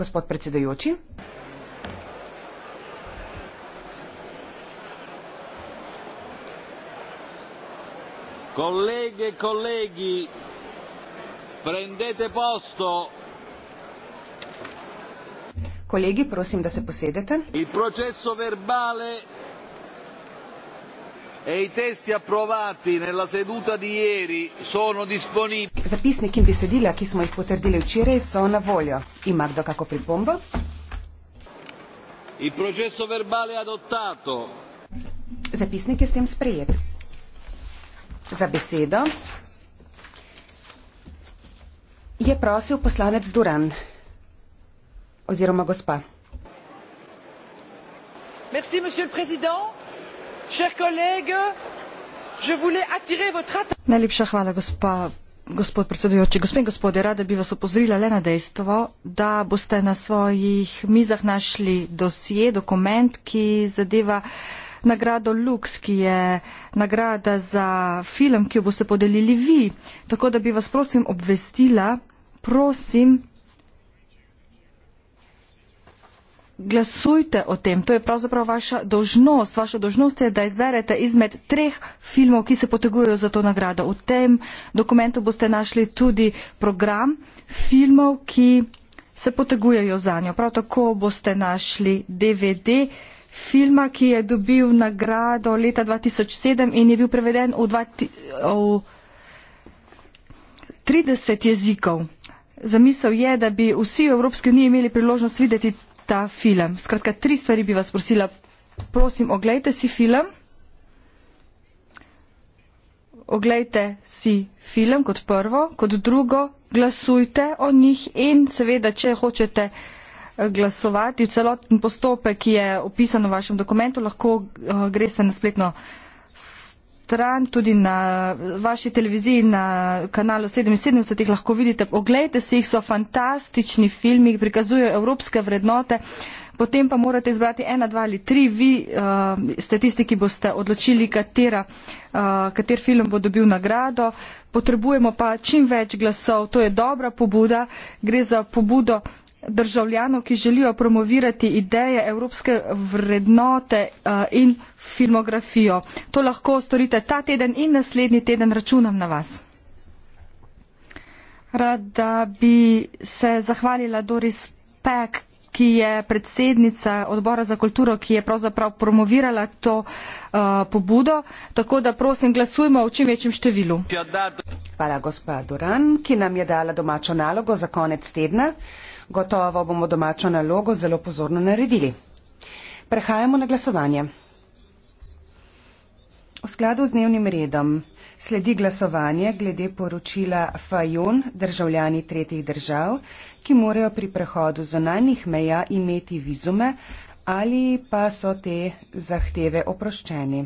gospod predsedajoči. Kolege, kolegi, prendete posto. Kolegi, prosim, da se posedete. Il processo verbale e i testi approvati nella seduta di ieri sono disponibili. Zapisnik in besedila, ki smo jih potrdili včeraj, so na voljo. Ima kdo kako pripombo? Il processo verbale adottato. Zapisnik je s tem sprejet. Za besedo je prosil poslanec Duran oziroma gospa. Merci, monsieur le président. Najlepša hvala, gospa, gospod predsedujoči. Gospe in gospode, rada bi vas opozorila le na dejstvo, da boste na svojih mizah našli dosje, dokument, ki zadeva nagrado Lux, ki je nagrada za film, ki jo boste podelili vi. Tako da bi vas prosim obvestila, prosim, glasujte o tem. To je pravzaprav vaša dožnost. Vaša dožnost je, da izberete izmed treh filmov, ki se potegujejo za to nagrado. V tem dokumentu boste našli tudi program filmov, ki se potegujejo za njo. Prav tako boste našli DVD filma, ki je dobil nagrado leta 2007 in je bil preveden v, 20, v 30 jezikov. Zamisel je, da bi vsi v Evropski uniji imeli priložnost videti ta film. Skratka, tri stvari bi vas prosila. Prosim, oglejte si film. Oglejte si film kot prvo, kot drugo, glasujte o njih in seveda, če hočete eh, glasovati, celoten postopek, ki je opisan v vašem dokumentu, lahko eh, greste na spletno stran stran, tudi na vaši televiziji, na kanalu 77, jih lahko vidite. Oglejte si jih, so fantastični filmi, prikazujejo evropske vrednote. Potem pa morate izbrati ena, dva ali tri. Vi uh, ste tisti, ki boste odločili, katera, uh, kater film bo dobil nagrado. Potrebujemo pa čim več glasov. To je dobra pobuda. Gre za pobudo državljanov, ki želijo promovirati ideje, evropske vrednote eh, in filmografijo. To lahko storite ta teden in naslednji teden, računam na vas. Rada bi se zahvalila Doris Peck, ki je predsednica odbora za kulturo, ki je pravzaprav promovirala to uh, pobudo. Tako da prosim, glasujmo v čim večjem številu. Ja, da, da. Hvala, gospa Duran, ki nam je dala domačo nalogo za konec tedna. Gotovo bomo domačo nalogo zelo pozorno naredili. Prehajamo na glasovanje. V skladu z dnevnim redom sledi glasovanje glede poročila Fajon državljani tretjih držav, ki morajo pri prehodu zonalnih meja imeti vizume ali pa so te zahteve oproščeni.